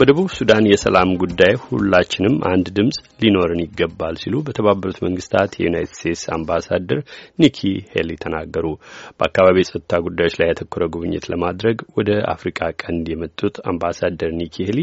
በደቡብ ሱዳን የሰላም ጉዳይ ሁላችንም አንድ ድምፅ ሊኖርን ይገባል ሲሉ በተባበሩት መንግስታት የዩናይትድ ስቴትስ አምባሳደር ኒኪ ሄሊ ተናገሩ። በአካባቢ የጸጥታ ጉዳዮች ላይ ያተኮረ ጉብኝት ለማድረግ ወደ አፍሪካ ቀንድ የመጡት አምባሳደር ኒኪ ሄሊ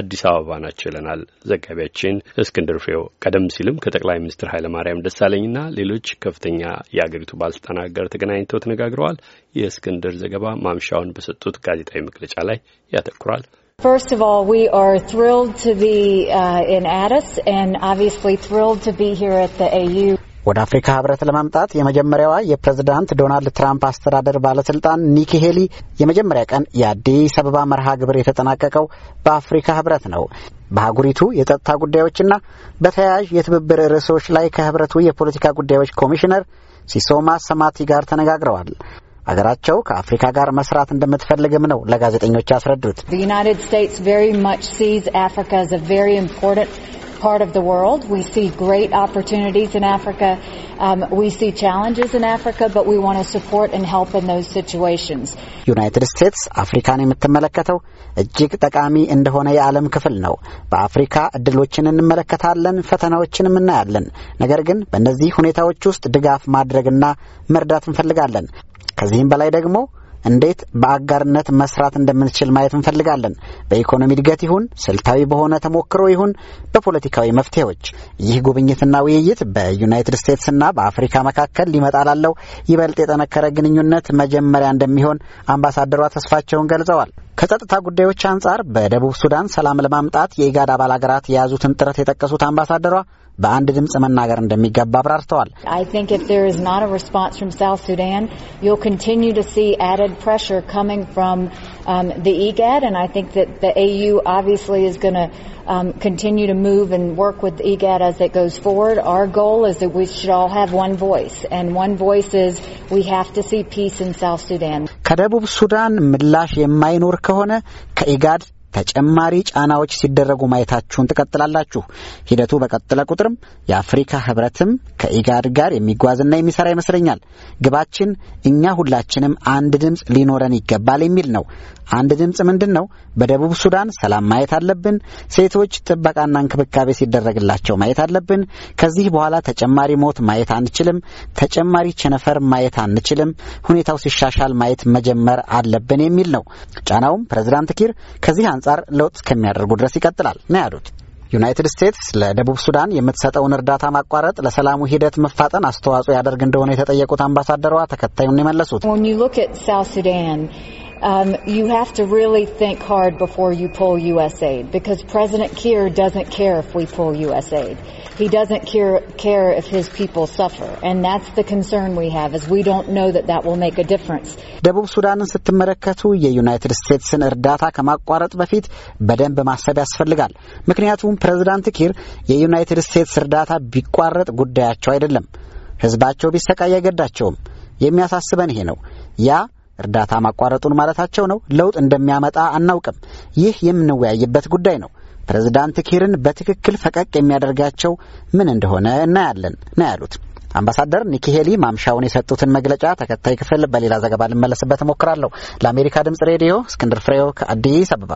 አዲስ አበባ ናቸው ይለናል ዘጋቢያችን እስክንድር ፍሬው። ቀደም ሲልም ከጠቅላይ ሚኒስትር ኃይለማርያም ደሳለኝና ሌሎች ከፍተኛ የአገሪቱ ባለስልጣናት ጋር ተገናኝተው ተነጋግረዋል። የእስክንድር ዘገባ ማምሻውን በሰጡት ጋዜጣዊ መግለጫ ላይ ያተኩራል። First of all, we are thrilled to be uh, in Addis and obviously thrilled to be here at the AU. ወደ አፍሪካ ህብረት ለማምጣት የመጀመሪያዋ የፕሬዝዳንት ዶናልድ ትራምፕ አስተዳደር ባለስልጣን ኒኪ ሄሊ የመጀመሪያ ቀን የአዲስ አበባ መርሃ ግብር የተጠናቀቀው በአፍሪካ ህብረት ነው። በአህጉሪቱ የጸጥታ ጉዳዮችና በተያያዥ የትብብር ርዕሶች ላይ ከህብረቱ የፖለቲካ ጉዳዮች ኮሚሽነር ሲሶማ ሰማቲ ጋር ተነጋግረዋል። አገራቸው ከአፍሪካ ጋር መስራት እንደምትፈልግም ነው ለጋዜጠኞች ያስረዱት። part of the world. We see great opportunities in Africa. Um, we see challenges in Africa, but we want to support and help in those situations. ዩናይትድ ስቴትስ አፍሪካን የምትመለከተው እጅግ ጠቃሚ እንደሆነ የዓለም ክፍል ነው። በአፍሪካ እድሎችን እንመለከታለን፣ ፈተናዎችንም እናያለን። ነገር ግን በእነዚህ ሁኔታዎች ውስጥ ድጋፍ ማድረግና መርዳት እንፈልጋለን። ከዚህም በላይ ደግሞ እንዴት በአጋርነት መስራት እንደምንችል ማየት እንፈልጋለን። በኢኮኖሚ እድገት ይሁን ስልታዊ በሆነ ተሞክሮ ይሁን በፖለቲካዊ መፍትሄዎች ይህ ጉብኝትና ውይይት በዩናይትድ ስቴትስና በአፍሪካ መካከል ሊመጣ ላለው ይበልጥ የጠነከረ ግንኙነት መጀመሪያ እንደሚሆን አምባሳደሯ ተስፋቸውን ገልጸዋል። ከጸጥታ ጉዳዮች አንጻር በደቡብ ሱዳን ሰላም ለማምጣት የኢጋድ አባል ሀገራት የያዙትን ጥረት የጠቀሱት አምባሳደሯ በአንድ ድምፅ መናገር እንደሚገባ አብራርተዋል። ሱዳን um, continue to move and work with EGAD as it goes forward. Our goal is that we should all have one voice, and one voice is we have to see peace in South Sudan. ከደቡብ ሱዳን ምላሽ የማይኖር ከሆነ ከኢጋድ ተጨማሪ ጫናዎች ሲደረጉ ማየታችሁን ትቀጥላላችሁ። ሂደቱ በቀጠለ ቁጥርም የአፍሪካ ህብረትም ከኢጋድ ጋር የሚጓዝና የሚሰራ ይመስለኛል። ግባችን እኛ ሁላችንም አንድ ድምፅ ሊኖረን ይገባል የሚል ነው። አንድ ድምፅ ምንድን ነው? በደቡብ ሱዳን ሰላም ማየት አለብን። ሴቶች ጥበቃና እንክብካቤ ሲደረግላቸው ማየት አለብን። ከዚህ በኋላ ተጨማሪ ሞት ማየት አንችልም። ተጨማሪ ቸነፈር ማየት አንችልም። ሁኔታው ሲሻሻል ማየት መጀመር አለብን የሚል ነው። ጫናውም ፕሬዚዳንት ኪር ከዚህ አንጻር ለውጥ እስከሚያደርጉ ድረስ ይቀጥላል ነው ያሉት። ዩናይትድ ስቴትስ ለደቡብ ሱዳን የምትሰጠውን እርዳታ ማቋረጥ ለሰላሙ ሂደት መፋጠን አስተዋጽኦ ያደርግ እንደሆነ የተጠየቁት አምባሳደሯ ተከታዩን የመለሱት um, you have to really think hard before you pull USAID because President Kiir doesn't care if we pull USAID. He doesn't care, care if his people suffer. And that's the concern we have is we don't know that that will make a difference. ደቡብ ሱዳንን ስትመለከቱ የዩናይትድ ስቴትስን እርዳታ ከማቋረጥ በፊት በደንብ ማሰብ ያስፈልጋል። ምክንያቱም ፕሬዝዳንት ኪር የዩናይትድ ስቴትስ እርዳታ ቢቋረጥ ጉዳያቸው አይደለም። ህዝባቸው ቢሰቃይ አይገዳቸውም። የሚያሳስበን ይሄ ነው። ያ እርዳታ ማቋረጡን ማለታቸው ነው። ለውጥ እንደሚያመጣ አናውቅም። ይህ የምንወያይበት ጉዳይ ነው። ፕሬዝዳንት ኪርን በትክክል ፈቀቅ የሚያደርጋቸው ምን እንደሆነ እናያለን ነው ያሉት። አምባሳደር ኒኪ ሄሊ ማምሻውን የሰጡትን መግለጫ ተከታይ ክፍል በሌላ ዘገባ ልመለስበት እሞክራለሁ። ለአሜሪካ ድምጽ ሬዲዮ እስክንድር ፍሬው ከአዲስ አበባ